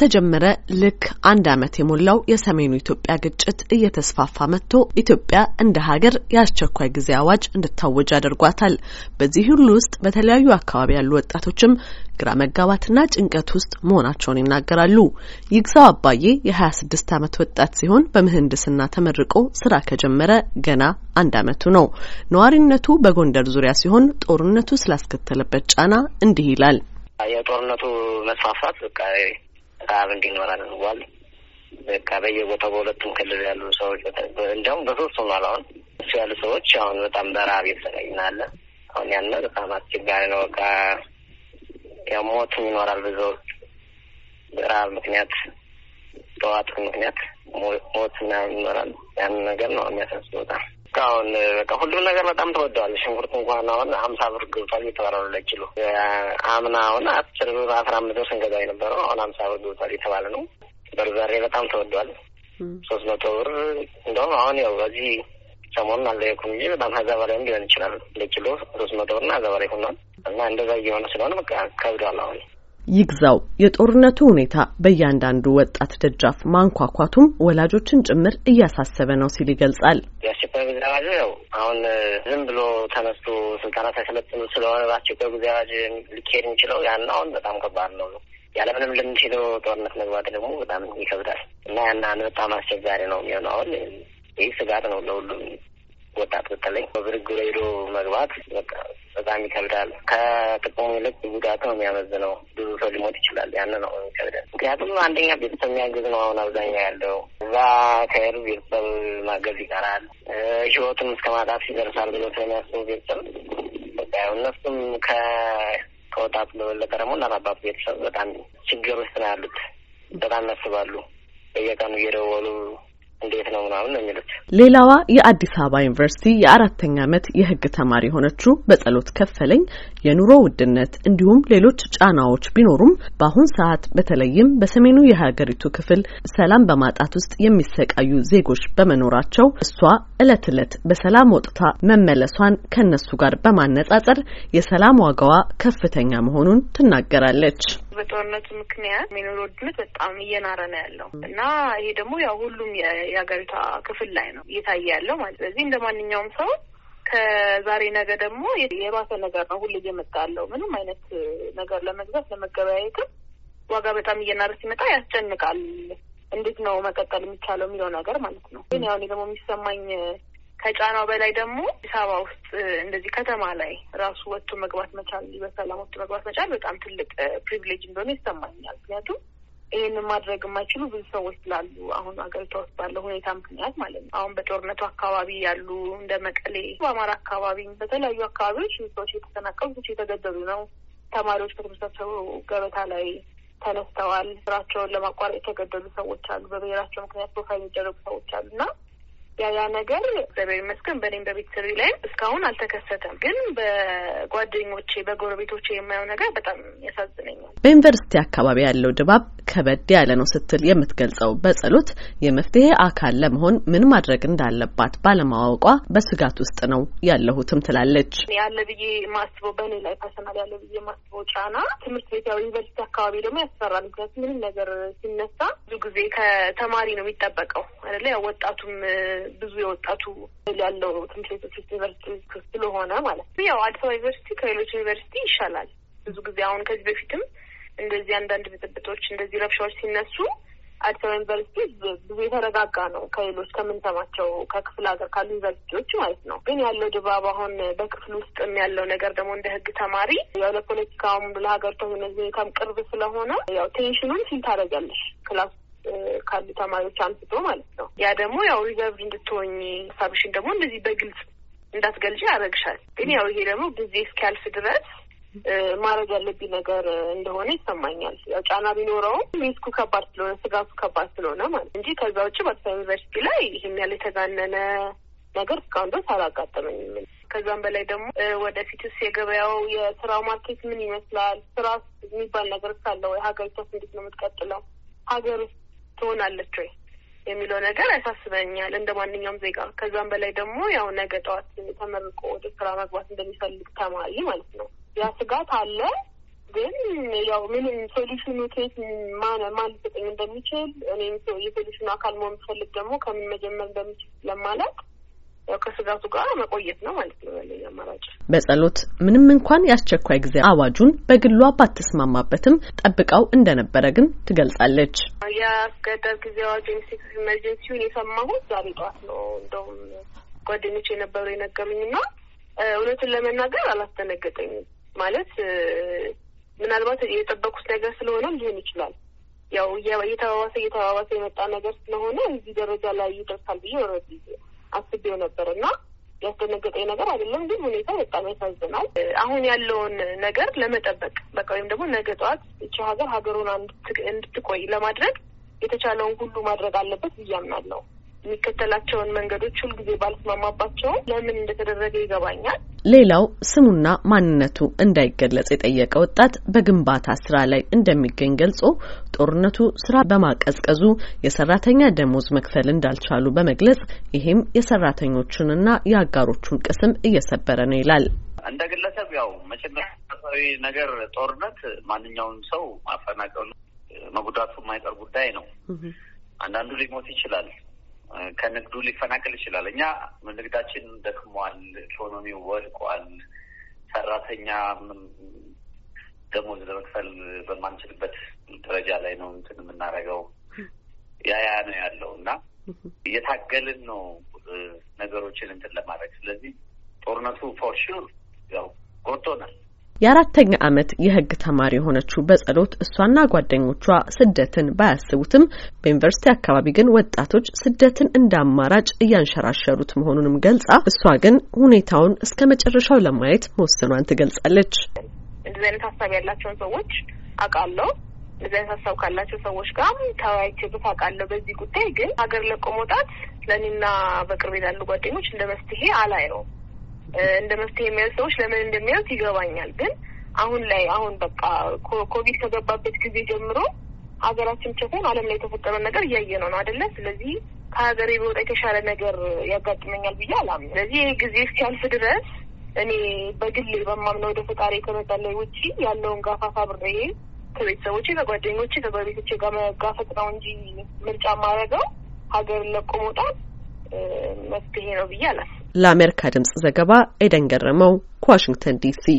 ከተጀመረ ልክ አንድ ዓመት የሞላው የሰሜኑ ኢትዮጵያ ግጭት እየተስፋፋ መጥቶ ኢትዮጵያ እንደ ሀገር የአስቸኳይ ጊዜ አዋጅ እንድታወጅ አድርጓታል። በዚህ ሁሉ ውስጥ በተለያዩ አካባቢ ያሉ ወጣቶችም ግራ መጋባትና ጭንቀት ውስጥ መሆናቸውን ይናገራሉ። ይግዛው አባዬ የ26 ዓመት ወጣት ሲሆን በምህንድስና ተመርቆ ስራ ከጀመረ ገና አንድ ዓመቱ ነው። ነዋሪነቱ በጎንደር ዙሪያ ሲሆን ጦርነቱ ስላስከተለበት ጫና እንዲህ ይላል። የጦርነቱ መስፋፋት በቃ አካባቢ እንዲኖር አድርጓል። በቃ በየቦታው በሁለቱም ክልል ያሉ ሰዎች እንዲያውም በሶስቱም አሁን እሱ ያሉ ሰዎች አሁን በጣም በረሀብ የተሰቃይናለ። አሁን ያለ በጣም አስቸጋሪ ነው። በቃ ያው ሞቱ ይኖራል ብዙዎች በረሀብ ምክንያት ጠዋቱ ምክንያት ሞት ይኖራል። ያን ነገር ነው የሚያሳስበው በጣም እስካሁን በቃ ሁሉም ነገር በጣም ተወደዋል። ሽንኩርት እንኳን አሁን ሀምሳ ብር ገብቷል የተባለው ለኪሎ። አምና አሁን አስር ብር አስራ አምስት ብር ስንገዛ የነበረው አሁን ሀምሳ ብር ገብቷል የተባለ ነው። በርበሬ በጣም ተወደዋል። ሶስት መቶ ብር እንደውም አሁን ያው በዚህ ሰሞኑን አልለየኩም እንጂ በጣም ሀዛ በላይም ሊሆን ይችላል። ለኪሎ ሶስት መቶ ብርና ሀዛ በላይ ሆኗል እና እንደዛ እየሆነ ስለሆነ በቃ ከብዷል አሁን ይግዛው የጦርነቱ ሁኔታ በእያንዳንዱ ወጣት ደጃፍ ማንኳኳቱም ወላጆችን ጭምር እያሳሰበ ነው ሲል ይገልጻል። በጊዜ አዋጁ ያው አሁን ዝም ብሎ ተነስቶ ስልጠና ሳይሰለጥኑ ስለሆነ በአስቸኳይ ጊዜ አዋጅ ሊካሄድ የሚችለው ያን አሁን በጣም ከባድ ነው። ያለምንም ልምችለው ጦርነት መግባት ደግሞ በጣም ይከብዳል እና ያን በጣም አስቸጋሪ ነው የሚሆነው። አሁን ይህ ስጋት ነው ለሁሉም ወጣት በተለይ በብርግር ሄዶ መግባት በጣም ይከብዳል። ከጥቅሙ ይልቅ ጉዳት ነው የሚያመዝነው። ብዙ ሰው ሊሞት ይችላል። ያን ነው ይከብዳል። ምክንያቱም አንደኛ ቤተሰብ የሚያግዝ ነው አሁን አብዛኛው ያለው ከዛ ከሄዱ ቤተሰብ ማገዝ ይቀራል፣ ህይወትም እስከ ማጣት ይደርሳል ብሎ ስለሚያስቡ ቤተሰብ እነሱም ከወጣቱ በበለጠ ደግሞ እናት ቤተሰብ በጣም ችግር ውስጥ ነው ያሉት። በጣም ያስባሉ። በየቀኑ እየደወሉ እንዴት ነው ምናምን ነው የሚሉት። ሌላዋ የአዲስ አበባ ዩኒቨርሲቲ የአራተኛ ዓመት የህግ ተማሪ የሆነችው በጸሎት ከፈለኝ የኑሮ ውድነት እንዲሁም ሌሎች ጫናዎች ቢኖሩም በአሁን ሰዓት በተለይም በሰሜኑ የሀገሪቱ ክፍል ሰላም በማጣት ውስጥ የሚሰቃዩ ዜጎች በመኖራቸው እሷ እለት እለት በሰላም ወጥታ መመለሷን ከእነሱ ጋር በማነጻጸር የሰላም ዋጋዋ ከፍተኛ መሆኑን ትናገራለች። በጦርነቱ ምክንያት የኑሮ ውድነት በጣም እየናረ ነው ያለው እና ይሄ ደግሞ ያው ሁሉም የሀገሪቷ ክፍል ላይ ነው እየታየ ያለው ማለት ስለዚህ እንደ ማንኛውም ሰው ከዛሬ ነገ ደግሞ የባሰ ነገር ነው ሁሉ እየመጣ ያለው። ምንም አይነት ነገር ለመግዛት ለመገበያየትም ዋጋ በጣም እየናረ ሲመጣ ያስጨንቃል። እንዴት ነው መቀጠል የሚቻለው የሚለው ነገር ማለት ነው። ግን ያው እኔ ደግሞ የሚሰማኝ ከጫናው በላይ ደግሞ አዲስ አበባ ውስጥ እንደዚህ ከተማ ላይ ራሱ ወጥቶ መግባት መቻል በሰላም ወጥቶ መግባት መቻል በጣም ትልቅ ፕሪቪሌጅ እንደሆነ ይሰማኛል። ምክንያቱም ይህንን ማድረግ የማይችሉ ብዙ ሰዎች ስላሉ አሁን አገሪቷ ውስጥ ባለው ሁኔታ ምክንያት ማለት ነው። አሁን በጦርነቱ አካባቢ ያሉ እንደ መቀሌ፣ በአማራ አካባቢ፣ በተለያዩ አካባቢዎች ሰዎች የተፈናቀሉ ብዙ የተገደሉ ነው። ተማሪዎች ከተመሳሰሩ ገበታ ላይ ተነስተዋል። ስራቸውን ለማቋረጥ የተገደሉ ሰዎች አሉ። በብሔራቸው ምክንያት ፕሮፋይል የሚደረጉ ሰዎች አሉ እና ያ ያ ነገር እግዚአብሔር ይመስገን በእኔም በቤተሰቤ ላይ እስካሁን አልተከሰተም። ግን በጓደኞቼ በጎረቤቶቼ የማየው ነገር በጣም ያሳዝነኛል። በዩኒቨርሲቲ አካባቢ ያለው ድባብ ከበድ ያለ ነው ስትል የምትገልጸው በጸሎት የመፍትሄ አካል ለመሆን ምን ማድረግ እንዳለባት ባለማወቋ በስጋት ውስጥ ነው ያለሁትም ትላለች። ያለ ብዬ ማስበው በእኔ ላይ ፐርሰናል ያለ ብዬ ማስበው ጫና ትምህርት ቤት ያው ዩኒቨርሲቲ አካባቢ ደግሞ ያስፈራል። ምክንያቱም ምንም ነገር ሲነሳ ብዙ ጊዜ ከተማሪ ነው የሚጠበቀው አይደለ? ያው ወጣቱም ብዙ የወጣቱ ያለው ትምህርት ቤቶች ዩኒቨርሲቲ ስለሆነ ማለት ነው። ያው አዲስ አበባ ዩኒቨርሲቲ ከሌሎች ዩኒቨርሲቲ ይሻላል። ብዙ ጊዜ አሁን ከዚህ በፊትም እንደዚህ አንዳንድ ብጥብጦች፣ እንደዚህ ረብሻዎች ሲነሱ አዲስ አበባ ዩኒቨርሲቲ ብዙ የተረጋጋ ነው ከሌሎች ከምንሰማቸው ከክፍል ሀገር ካሉ ዩኒቨርሲቲዎች ማለት ነው። ግን ያለው ድባብ አሁን በክፍል ውስጥም ያለው ነገር ደግሞ እንደ ህግ ተማሪ ያው ለፖለቲካውም ለሀገሪቷም ሁኔታም ቅርብ ስለሆነ ያው ቴንሽኑን ፊል ታደርጊያለሽ ክላስ ካሉ ተማሪዎች አንስቶ ማለት ነው። ያ ደግሞ ያው ሪዘርቭ እንድትሆኝ ሀሳብሽን ደግሞ እንደዚህ በግልጽ እንዳትገልጪ ያደረግሻል። ግን ያው ይሄ ደግሞ ጊዜ እስኪያልፍ ድረስ ማድረግ ያለብኝ ነገር እንደሆነ ይሰማኛል። ያው ጫና ቢኖረውም ሪስኩ ከባድ ስለሆነ ስጋቱ ከባድ ስለሆነ ማለት እንጂ ከዛ ውጭ በአዲስ ዩኒቨርሲቲ ላይ ይህን ያህል የተጋነነ ነገር እስካሁን ድረስ አላጋጠመኝም። ከዛም በላይ ደግሞ ወደፊትስ የገበያው የስራው ማርኬት ምን ይመስላል? ስራ የሚባል ነገር ካለ ወይ ሀገሪቷስ እንዴት ነው የምትቀጥለው? ሀገር ውስጥ ትሆናለች ወይ የሚለው ነገር ያሳስበኛል እንደ ማንኛውም ዜጋ። ከዛም በላይ ደግሞ ያው ነገ ጠዋት ተመርቆ ወደ ስራ መግባት እንደሚፈልግ ተማሪ ማለት ነው ያ ስጋት አለ። ግን ያው ምንም ሶሉሽኑ ኬት ማን ማን ሊሰጠኝ እንደሚችል እኔም የሶሉሽኑ አካል መሆን ፈልግ ደግሞ ከምን መጀመር እንደሚችል ለማለት ያው ከስጋቱ ጋር መቆየት ነው ማለት ነው ያለኝ አማራጭ። በጸሎት ምንም እንኳን የአስቸኳይ ጊዜ አዋጁን በግሏ ባትስማማበትም ጠብቀው እንደነበረ ግን ትገልጻለች። የአስገደር ጊዜ አዋጅ ኢመርጀንሲውን የሰማሁት ዛሬ ጠዋት ነው። እንደውም ጓደኞች የነበሩ የነገሩኝ እና እውነቱን ለመናገር አላስደነገጠኝም ማለት ምናልባት የጠበቁት ነገር ስለሆነ ሊሆን ይችላል። ያው እየተባባሰ እየተባባሰ የመጣ ነገር ስለሆነ እዚህ ደረጃ ላይ ይደርሳል ብዬ ወረድ አስቤው ነበር እና ያስደነገጠኝ ነገር አይደለም፣ ግን ሁኔታ በጣም ያሳዝናል። አሁን ያለውን ነገር ለመጠበቅ በቃ ወይም ደግሞ ነገ ጠዋት እቺ ሀገር ሀገሩን እንድትቆይ ለማድረግ የተቻለውን ሁሉ ማድረግ አለበት ብዬ አምናለሁ። የሚከተላቸውን መንገዶች ሁልጊዜ ባልስማማባቸውም ለምን እንደተደረገ ይገባኛል። ሌላው ስሙና ማንነቱ እንዳይገለጽ የጠየቀ ወጣት በግንባታ ስራ ላይ እንደሚገኝ ገልጾ ጦርነቱ ስራ በማቀዝቀዙ የሰራተኛ ደሞዝ መክፈል እንዳልቻሉ በመግለጽ ይሄም የሰራተኞቹንና የአጋሮቹን ቅስም እየሰበረ ነው ይላል። እንደ ግለሰብ ያው መቼም ነገር ጦርነት ማንኛውም ሰው ማፈናቀሉ መጉዳቱ የማይቀር ጉዳይ ነው። አንዳንዱ ሊሞት ይችላል። ከንግዱ ሊፈናቀል ይችላል። እኛ ንግዳችን ደክሟል፣ ኢኮኖሚው ወድቋል፣ ሰራተኛ ደሞዝ ለመክፈል በማንችልበት ደረጃ ላይ ነው እንትን የምናደርገው። ያ ያ ነው ያለው እና እየታገልን ነው ነገሮችን እንትን ለማድረግ። ስለዚህ ጦርነቱ ፎርሹር ያው ጎድቶናል። የአራተኛ ዓመት የህግ ተማሪ የሆነችው በጸሎት እሷና ጓደኞቿ ስደትን ባያስቡትም በዩኒቨርሲቲ አካባቢ ግን ወጣቶች ስደትን እንደ አማራጭ እያንሸራሸሩት መሆኑንም ገልጻ እሷ ግን ሁኔታውን እስከ መጨረሻው ለማየት መወሰኗን ትገልጻለች። እንደዚህ አይነት ሀሳብ ያላቸውን ሰዎች አውቃለሁ። እንደዚህ አይነት ሀሳብ ካላቸው ሰዎች ጋር ተወያይቼበት አውቃለሁ። በዚህ ጉዳይ ግን ሀገር ለቆ መውጣት ለእኔና በቅርቤ ላሉ ጓደኞች እንደ መፍትሄ አላየውም። እንደ መፍትሄ የሚያዩት ሰዎች ለምን እንደሚያዩት ይገባኛል። ግን አሁን ላይ አሁን በቃ ኮቪድ ከገባበት ጊዜ ጀምሮ ሀገራችን ቸኮን ዓለም ላይ የተፈጠረ ነገር እያየ ነው ነው አደለ? ስለዚህ ከሀገሬ በወጣ የተሻለ ነገር ያጋጥመኛል ብዬ አላምንም። ስለዚህ ይህ ጊዜ እስኪያልፍ ድረስ እኔ በግሌ በማምነው ወደ ፈጣሪ ከመጣለይ ውጪ ያለውን ጋፋፋ ብሬ ከቤተሰቦቼ ከጓደኞቼ ከጎረቤቶቼ ጋር መጋፈጥ ነው እንጂ ምርጫ ማድረገው ሀገርን ለቆ መውጣት መፍትሄ ነው ብዬ አላስብም። ለአሜሪካ ድምጽ ዘገባ ኤደን ገረመው ከዋሽንግተን ዲሲ